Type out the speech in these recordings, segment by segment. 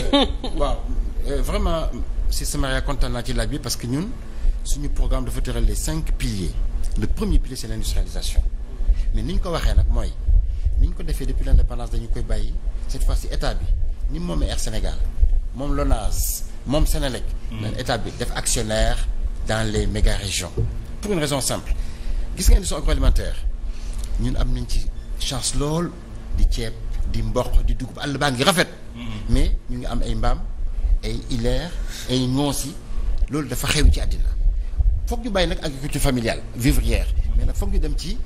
waaw euh, vraiment si sama yaay kontaan naa ci laaj bi parce que ñun suñu programme dafa tëral les cinq piliers le premier pilier c'est l'industrialisation mais ni ñu ko waxee nag mooy ni ñu ko defee depuis l'indépendance dañu koy bàyyi cette fois ci état bi ni moom Air Sénégal moom LONASE moom Sénélec. lan mm. état bi def actionnaire dans les méga régions pour une raison simple gis nga industrie alimentaire ñun am nañ ci chance lool di ceeb di mboq di dugub àll rafet. mais ñu ngi am ay mbaam ay ileer ay ŋoosi loolu dafa xew ci àddina foog ñu bàyyi nag agriculture familiale vivrière mais nag foog ñu dem ci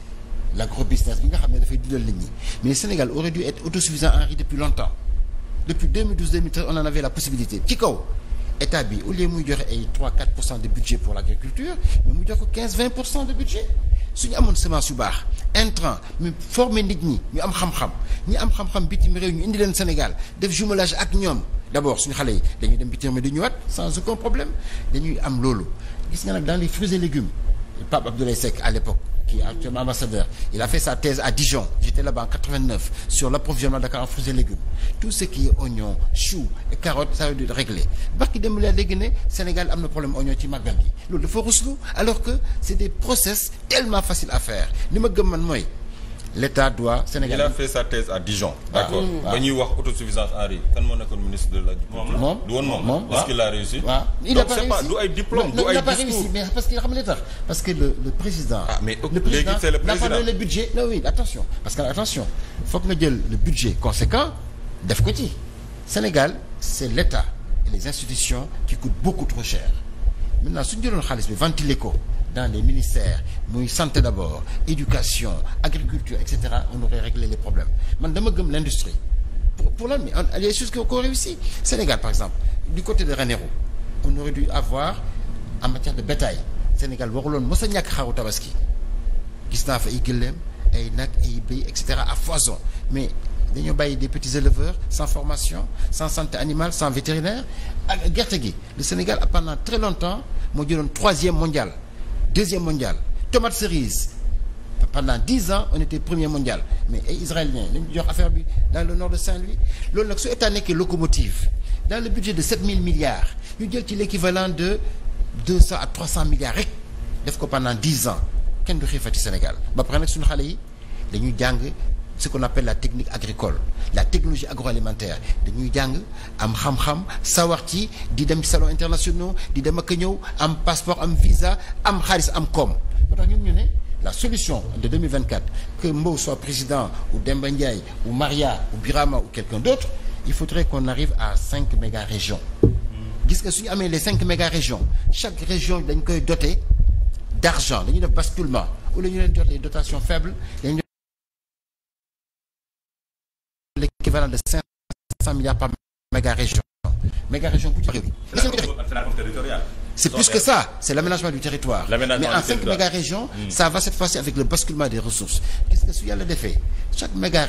l'agrobusiness bi nga xam ne dafay dundal nit ñi mais Sénégal aurait dû être autosuffisant en riz depuis longtemps depuis 2012 2013 on en avait la possibilité ci kaw état bi au lieu muy joxe ay 3 4 pour cent de budget pour l'agriculture mais mu jox ko 15 20 pour cent de budget suñu amoon semence yu baax intrant mu former nit ñi ñu am xam-xam ñi am xam-xam bitim réew ñu indi leen Sénégal def jumelage ak ñoom d'abord suñu xale yi dañuy dem bitim réew di ñëwaat sans aucun problème dañuy am loolu gis nga nag dans les fruits et légumes Pape Abdoulaye Seck à l'époque qui est actuellement ambassadeur il a fait sa thèse à Dijon j'étais là-bas en 89 sur l'approvisionnement Dakar en fruits et légumes dem laa dégg ne Sénégal am na problème oignon ci màggal gi loolu dafa ruslu alors que c'est des process tellement faciles li ma gëm man mooy l'État doit Sénégal. il a fait sa d'accord ah. Ah. ba ñuy wax auto en riz. kan moo nekkoon ministre de l'agriculture. moom du woon moom est-ce qu'il a ah. réussi. waaw donc mais parce que xam nga li tax parce que le le président. ah mais léegi c'est le président n'a budget. attention parce que attention foog nga jël le budget conséquent def ko ci Sénégal c'est l'État et les institutions qui coûtent beaucoup trop cher maintenant suñu jëloon xaalis bi ventiler ko. dans les ministères muy santé d'abord éducation agriculture et cetera on aurait réglé les problèmes man dama gëm l'industrie pour pour lan mais il y a qu'on réussit Sénégal par exemple du côté de Ranérou on aurait dû avoir en matière de bétail Sénégal waruloon mos a ñàkk xaru tabaski gis naa fa ay gëléem ay nag ay béy et cetera à foison mais dañoo bàyyi des petits éleveurs sans formation sans santé animale sans vétérinaire a gerte gi le Sénégal pendant très longtemps moo jëloon troisième mondial deuxième mondial tomate cerise pendant dix ans on était premier mondial mais ay israéliens nañu jox affaire bi dans le nord de Saint-Louis loolu nag su état nekkee locomotive dans le budget de sept mille milliards ñu jël ci l'équivalent de deux cent à trois cent milliards rek def ko pendant dix ans kenn du xiifati Sénégal ba pare nag suñu xale yi dañuy jàng ce qu'on appelle la technique agricole la technologie agroalimentaire dañuy jàng am xam-xam sawar ci di dem ci salon internationaux di dem ak ñëw am passeport am visa am xaalis am kom moo tax ñu ne la solution de 2024 que Mbow soit président ou Demba Ndiaye ou Maria ou Birama ou quelqu'un d'autre il faudrait qu'on arrive à cinq méga régions gis nga suñu amee les cinq méga régions chaque région dañ koy doter d'argent dañuy def basculement au lieu ñu leen jot les dotations faibles équivalent de cinq cent milliards par méga région méga région bu ci c'est plus que ça c'est l'aménagement du territoire mais en cinq méga régions hmm. ça va cette fois-ci avec le basculement des ressources gis nga su yàlla defee chaque méga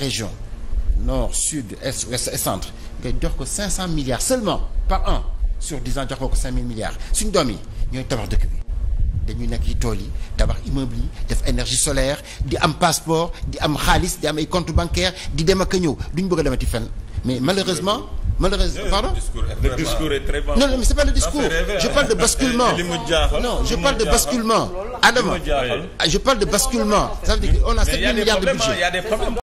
nord sud est centre nga cinq cent milliards seulement par an sur dix ans jox ko ko cinq mille milliards suñu doom yi ñooy tabax dëkk bi dañuy nekk ci tool yi tabax immeuble yi def énergie solaire di am passeport di am xaalis di am ay compte bancaire di dem ak a ñëw duñ bëgg a ti fenn mais malheureusement. malheureusement pardon le discours est très non c'est pas le discours je parle de basculement non je parle de basculement. Adama je parle de basculement ça veut dire qu'on a 7 milliards de budget